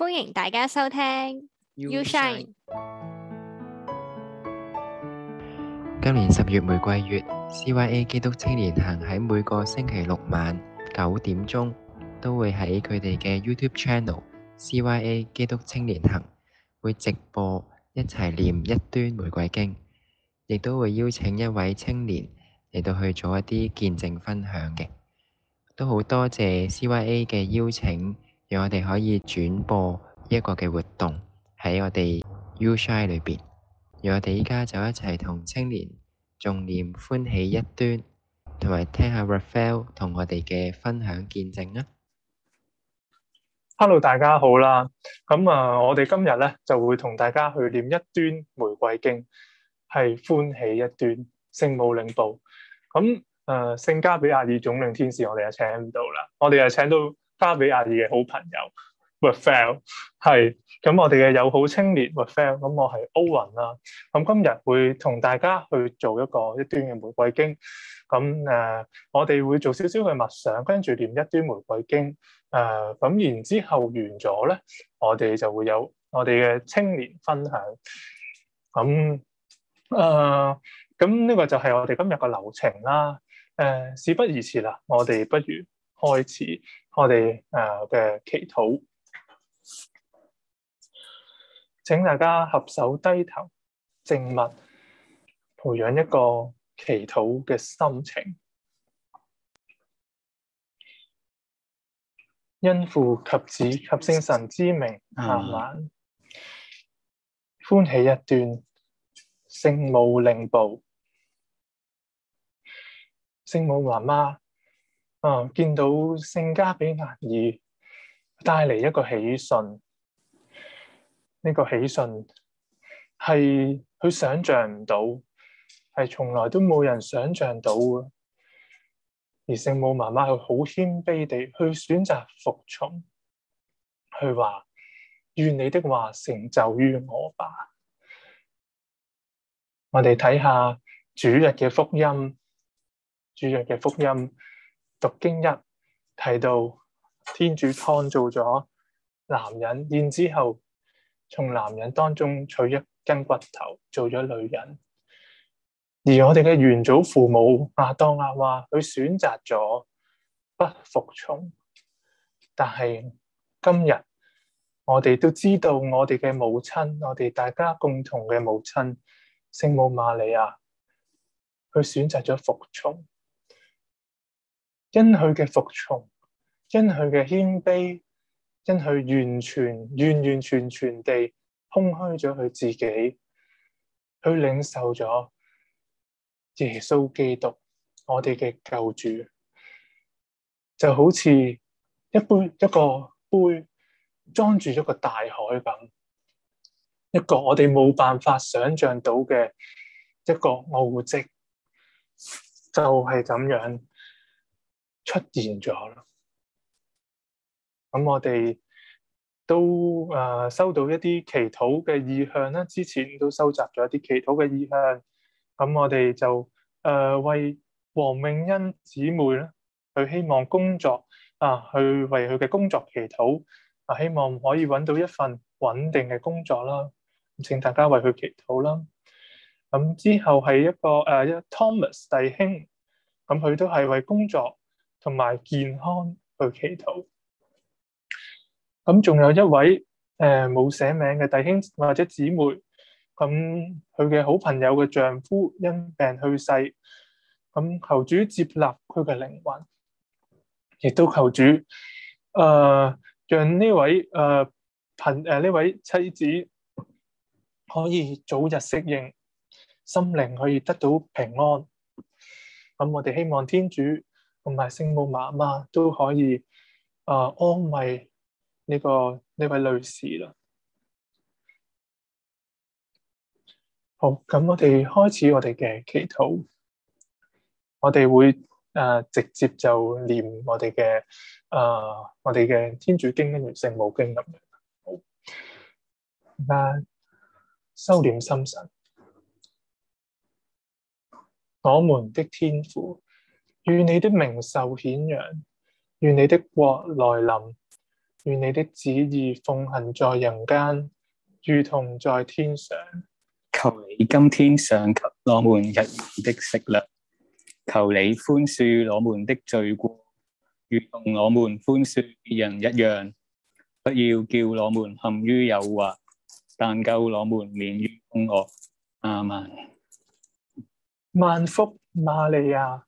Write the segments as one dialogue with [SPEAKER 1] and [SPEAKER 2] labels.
[SPEAKER 1] 歡迎大家收聽，You Shine。今年十月玫瑰月，CYA 基督青年行喺每個星期六晚九點鐘都會喺佢哋嘅 YouTube Channel CYA 基督青年行會直播，一齊念一端玫瑰經，亦都會邀請一位青年嚟到去做一啲見證分享嘅。都好多謝 CYA 嘅邀請。讓我哋可以轉播一個嘅活動喺我哋 U Shine 裏邊。讓我哋而家就一齊同青年重念歡喜一端，同埋聽下 Raphael 同我哋嘅分享見證啊
[SPEAKER 2] ！Hello，大家好啦。咁啊，我哋今日咧就會同大家去念一端玫瑰經，係歡喜一端聖母領報。咁誒，聖、呃、加俾亞爾總領天使我哋又請唔到啦，我哋又請到。加畀阿爾嘅好朋友 Waffle 係咁，我哋嘅友，友好青年 Waffle，咁我係 Owen 啦。咁今日會同大家去做一個一端嘅玫瑰經，咁誒、呃，我哋會做少少嘅默想，跟住念一端玫瑰經，誒、呃、咁，然之後完咗咧，我哋就會有我哋嘅青年分享。咁誒，咁、呃、呢個就係我哋今日嘅流程啦。誒、呃，事不宜遲啦，我哋不如開始。我哋嘅祈禱，請大家合手低頭靜默，培養一個祈禱嘅心情。因父及子及聖神之名，阿南、啊，歡喜一段聖母領報，聖母媽媽。啊、哦！見到聖加俾額爾帶嚟一個喜訊，呢、這個喜訊係佢想象唔到，係從來都冇人想象到嘅。而聖母媽媽係好謙卑地去選擇服從，佢話願你的話成就於我吧。我哋睇下主日嘅福音，主日嘅福音。讀經一提到天主創造咗男人，然之後，從男人當中取一根骨頭做咗女人，而我哋嘅原祖父母阿當亞話佢選擇咗不服從，但係今日我哋都知道我哋嘅母親，我哋大家共同嘅母親聖母瑪利亞，佢選擇咗服從。因佢嘅服從，因佢嘅謙卑，因佢完全完完全全地空虛咗佢自己，去領受咗耶穌基督我哋嘅救主，就好似一杯一個杯裝住一個大海咁，一個我哋冇辦法想象到嘅一個奧迹，就係、是、咁樣。出現咗啦，咁我哋都誒、呃、收到一啲祈禱嘅意向啦。之前都收集咗一啲祈禱嘅意向，咁我哋就誒、呃、為黃詠恩姊妹咧，佢希望工作啊，去為佢嘅工作祈禱啊，希望可以揾到一份穩定嘅工作啦，請大家為佢祈禱啦。咁之後係一個誒、啊、一個 Thomas 弟兄，咁佢都係為工作。同埋健康去祈禱，咁仲有一位誒冇寫名嘅弟兄或者姊妹，咁佢嘅好朋友嘅丈夫因病去世，咁求主接納佢嘅靈魂，亦都求主誒、呃、讓呢位誒朋誒呢位妻子可以早日適應，心靈可以得到平安，咁我哋希望天主。同埋聖母媽媽都可以啊、呃、安慰呢、這個呢位女士啦。好，咁我哋開始我哋嘅祈禱，我哋會誒、呃、直接就念我哋嘅誒我哋嘅天主經跟住聖母經咁樣。好，大家收斂心神，我們的天、呃、的天父。願你的名受顯揚，願你的國來臨，願你的旨意奉行在人間，如同在天上。
[SPEAKER 3] 求你今天賞給我們日用的食糧，求你寬恕我們的罪過，如同我們寬恕別人一樣。不要叫我們陷於誘惑，但救我們免於兇惡。阿曼，
[SPEAKER 2] 萬福瑪利亞。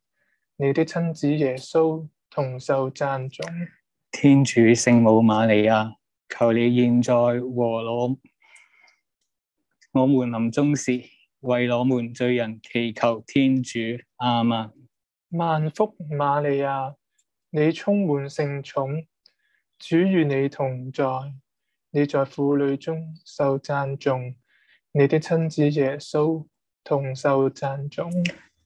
[SPEAKER 2] 你的親子耶穌同受讚頌，
[SPEAKER 3] 天主聖母瑪利亞，求你現在和我，我們臨終時為我們罪人祈求天主。阿們。
[SPEAKER 2] 萬福瑪利亞，你充滿聖寵，主與你同在，你在婦女中受讚頌，你的親子耶穌同受讚頌。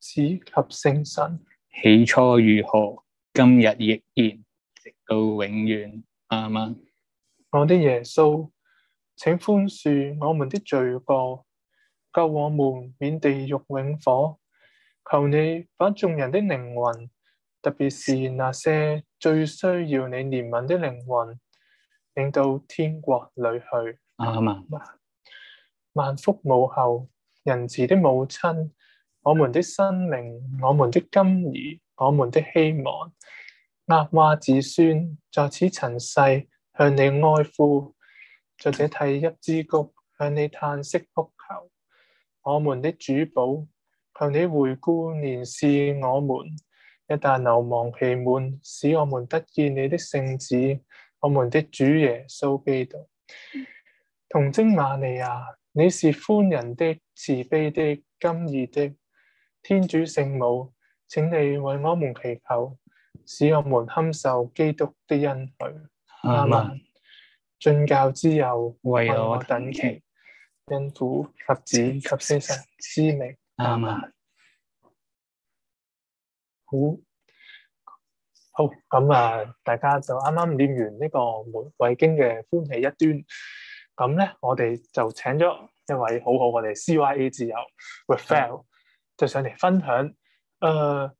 [SPEAKER 2] 及子及聖神，
[SPEAKER 3] 起初如何，今日亦然，直到永遠，阿
[SPEAKER 2] 們。我的耶穌，請寬恕我們的罪過，救我們免地獄永火。求你把眾人的靈魂，特別是那些最需要你憐憫的靈魂，領到天國裏去，阿們。萬福母后，仁慈的母親。我們的生命，我們的甘飴，我們的希望，厄娃子孫在此塵世向你哀呼，在這涕泣之谷向你嘆息哭求。我們的主保，向你回顧憐視我們，一旦流亡期滿，使我們得見你的聖子。我們的主耶穌基督。童貞瑪利亞，你是寬仁的、慈悲的、甘飴的。天主聖母，請你為我們祈求，使我們堪受基督的恩許。阿門。進教之佑，為我等祈，因父及子及聖神之名。阿門。好，好咁啊！大家就啱啱念完呢個《玫瑰經》嘅歡喜一端，咁咧，我哋就請咗一位好好，我哋 CIA 自由 Revel。就上嚟分享，誒、呃，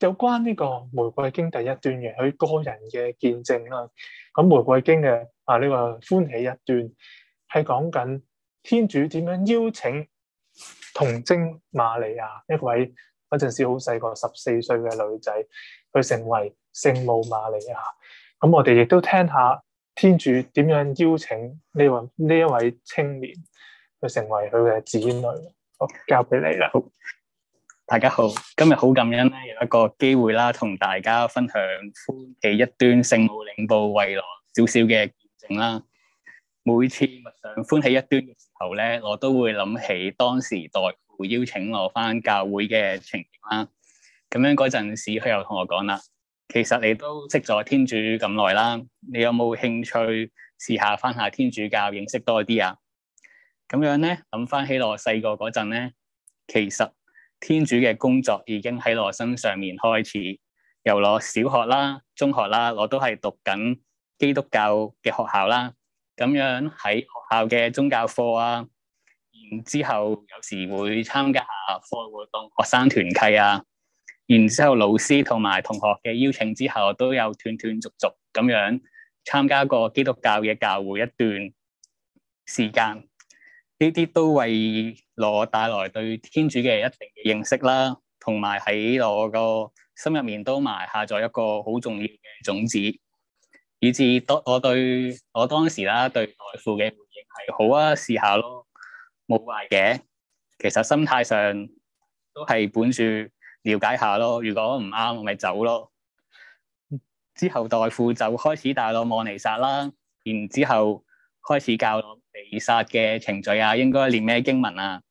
[SPEAKER 2] 有關呢、這個《玫瑰經》第一段嘅佢個人嘅見證啦。咁《玫瑰經》嘅啊呢、這個歡喜一段，係講緊天主點樣邀請童貞瑪利亞一位嗰陣時好細個十四歲嘅女仔，去成為聖母瑪利亞。咁我哋亦都聽下天主點樣邀請呢位呢一位青年去成為佢嘅子女。我交俾你啦。好
[SPEAKER 3] 大家好，今日好感恩咧，有一個機會啦，同大家分享歡喜一端，聖母領報未來少少嘅見證啦。每次想上歡喜一端嘅時候咧，我都會諗起當時代父邀請我翻教會嘅情形啦。咁樣嗰陣時，佢又同我講啦，其實你都識咗天主咁耐啦，你有冇興趣試下翻下天主教認識多啲啊？咁樣咧諗翻起我細個嗰陣咧，其實。天主嘅工作已經喺我身上面開始，由我小學啦、中學啦，我都係讀緊基督教嘅學校啦，咁樣喺學校嘅宗教課啊，然之後有時會參加下課外活動、學生團契啊，然之後老師同埋同學嘅邀請之後，都有斷斷續續咁樣參加過基督教嘅教會一段時間。呢啲都為我帶來對天主嘅一定嘅認識啦，同埋喺我個心入面都埋下咗一個好重要嘅種子，以至當我對我當時啦對代父嘅回應係好啊，試下咯，冇壞嘅。其實心態上都係本住了解下咯，如果唔啱，我咪走咯。之後代父就開始帶我望彌撒啦，然之後開始教彌撒嘅程序啊，應該念咩經文啊？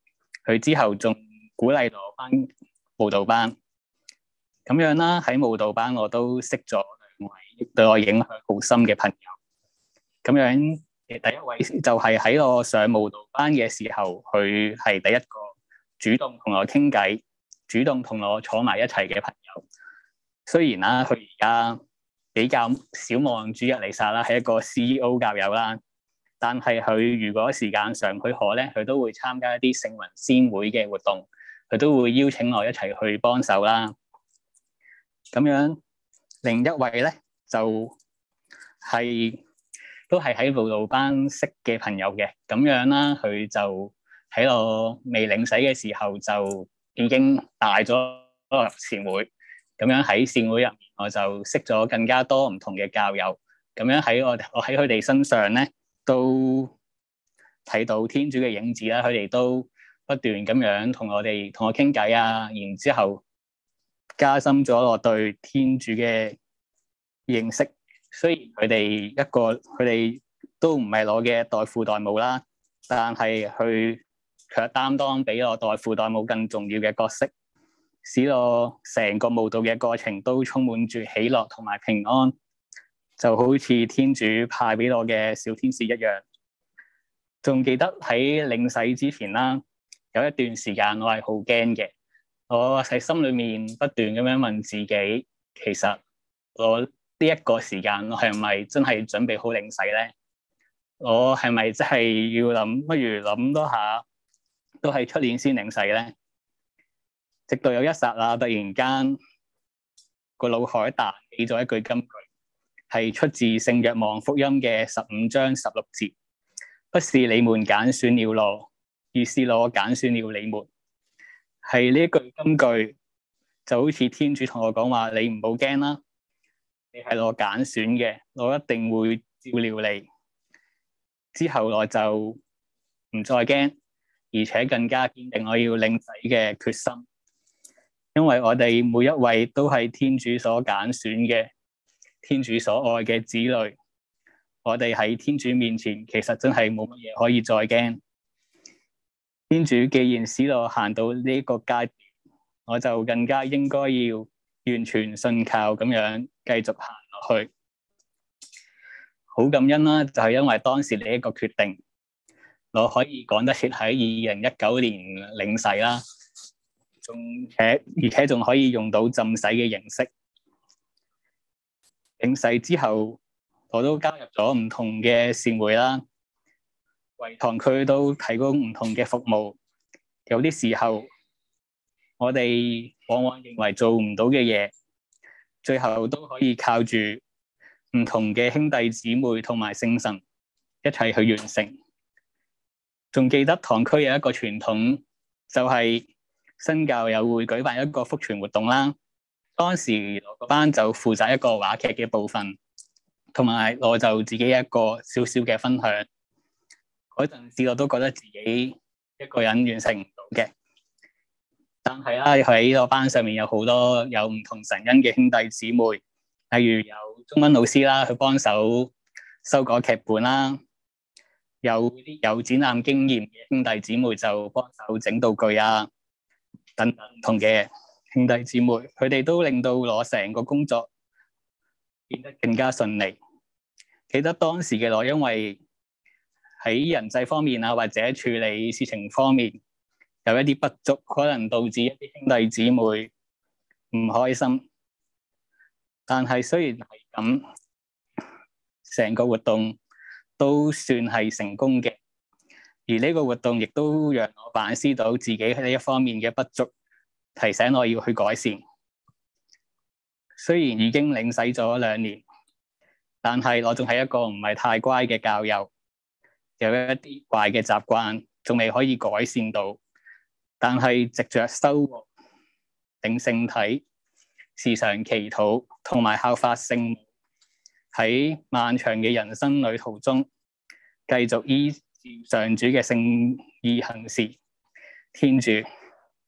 [SPEAKER 3] 佢之後仲鼓勵我返舞蹈班，咁樣啦。喺舞蹈班我都識咗兩位對我影響好深嘅朋友。咁樣，第一位就係喺我上舞蹈班嘅時候，佢係第一個主動同我傾偈、主動同我坐埋一齊嘅朋友。雖然、啊、啦，佢而家比較少望主日彌撒啦，係一個 CEO 教友啦。但係佢如果時間上許可咧，佢都會參加一啲聖雲先會嘅活動，佢都會邀請我一齊去幫手啦。咁樣另一位咧就係、是、都係喺輔導班識嘅朋友嘅。咁樣啦，佢就喺我未領洗嘅時候就已經帶咗入善會，咁樣喺善會入面，我就識咗更加多唔同嘅教友。咁樣喺我我喺佢哋身上咧，都睇到天主嘅影子啦，佢哋都不斷咁樣同我哋同我傾偈啊，然之後加深咗我對天主嘅認識。雖然佢哋一個佢哋都唔係我嘅代父代母啦，但係佢卻擔當比我代父代母更重要嘅角色，使我成個慕道嘅過程都充滿住喜樂同埋平安。就好似天主派俾我嘅小天使一樣，仲記得喺領洗之前啦，有一段時間我係好驚嘅，我喺心裏面不斷咁樣問自己，其實我呢一個時間我係咪真係準備好領洗咧？我係咪真係要諗，不如諗多下，都係出年先領洗咧？直到有一剎那，突然間個腦海彈起咗一句金句。係出自《聖若望福音》嘅十五章十六節，不是你們揀選了我，而是我揀選了你們。係呢句金句，就好似天主同我講話：你唔好驚啦，你係我揀選嘅，我一定會照料你。之後我就唔再驚，而且更加堅定我要領仔嘅決心，因為我哋每一位都係天主所揀選嘅。天主所愛嘅子女，我哋喺天主面前，其實真係冇乜嘢可以再驚。天主既然使我行到呢個階段，我就更加應該要完全信靠，咁樣繼續行落去。好感恩啦、啊，就係、是、因為當時你一個決定，我可以講得切喺二零一九年領洗啦，仲且而且仲可以用到浸洗嘅形式。領洗之後，我都加入咗唔同嘅善會啦，為堂區都提供唔同嘅服務。有啲時候，我哋往往認為做唔到嘅嘢，最後都可以靠住唔同嘅兄弟姊妹同埋聖神一齊去完成。仲記得堂區有一個傳統，就係、是、新教友會舉辦一個福傳活動啦。當時我個班就負責一個話劇嘅部分，同埋我就自己一個少少嘅分享。嗰陣時我都覺得自己一個人完成唔到嘅，但係啊喺呢個班上面有好多有唔同神恩嘅兄弟姊妹，例如有中文老師啦，去幫手修改劇本啦，有啲有展覽經驗嘅兄弟姊妹就幫手整道具啊等等唔同嘅嘢。兄弟姊妹，佢哋都令到我成個工作變得更加順利。記得當時嘅我，因為喺人際方面啊，或者處理事情方面有一啲不足，可能導致一啲兄弟姊妹唔開心。但係雖然係咁，成個活動都算係成功嘅，而呢個活動亦都讓我反思到自己喺呢一方面嘅不足。提醒我要去改善，雖然已經領洗咗兩年，但係我仲係一個唔係太乖嘅教友，有一啲壞嘅習慣，仲未可以改善到。但係藉着修和、領聖體、時常祈禱同埋效法聖母，喺漫長嘅人生旅途中，繼續依照上主嘅聖意行事。天主。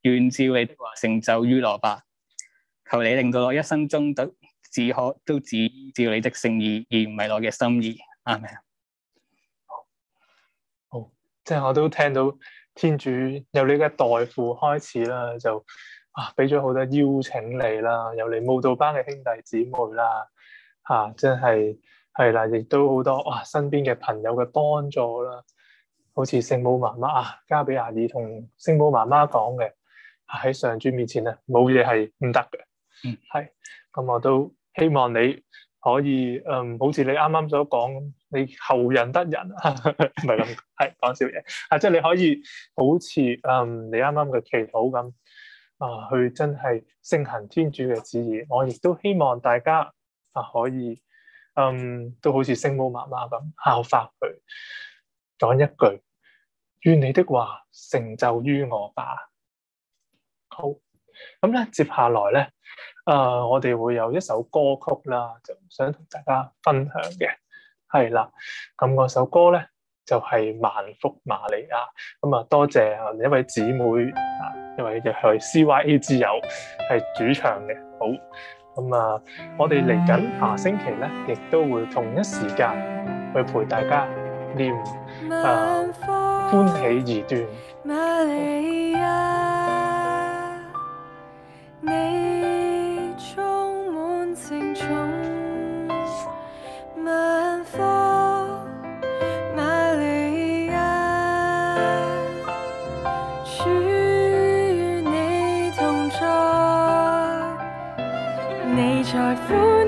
[SPEAKER 3] 願照你的話成就於羅伯，求你令到我一生中得只可都只照你的聖意，而唔係我嘅心意，啱唔啱？
[SPEAKER 2] 好，即係我都聽到天主由你嘅代父開始啦，就啊俾咗好多邀請你啦，由你舞蹈班嘅兄弟姊妹啦，吓、啊、真係係啦，亦都好多哇、啊，身邊嘅朋友嘅幫助啦，好似聖母媽媽啊，加比亞爾同聖母媽媽講嘅。喺上主面前咧，冇嘢係唔得嘅，係咁、嗯嗯、我都希望你可以，嗯，好似你啱啱所講，你後人得人，唔係咁，係講笑嘢，啊，即係你可以好似嗯你啱啱嘅祈禱咁，啊，去真係承行天主嘅旨意。我亦都希望大家啊可以，嗯，都好似聖母媽媽咁效法佢，講一句，願你的話成就於我吧。好，咁咧，接下來咧，誒、呃，我哋會有一首歌曲啦，就想同大家分享嘅，係啦，咁、那、嗰、個、首歌咧就係、是《萬福瑪利亞》，咁、嗯、啊，多謝一位姊妹啊，一位就係、啊、C i A 之友係主唱嘅，好，咁、嗯、啊，我哋嚟緊下星期咧，亦都會同一時間去陪大家念啊，《歡喜而端》。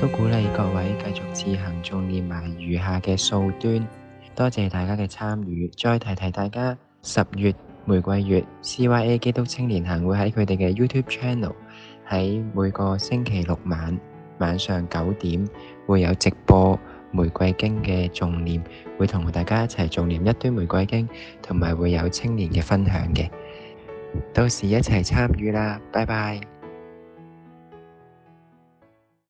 [SPEAKER 1] 都鼓勵各位繼續自行仲練埋餘下嘅數端。多謝大家嘅參與，再提提大家十月玫瑰月 CYA 基督青年行會喺佢哋嘅 YouTube Channel 喺每個星期六晚晚上九點會有直播。玫瑰經嘅重念，會同大家一齊重念一端玫瑰經，同埋會有青年嘅分享嘅。到時一齊參與啦，拜拜。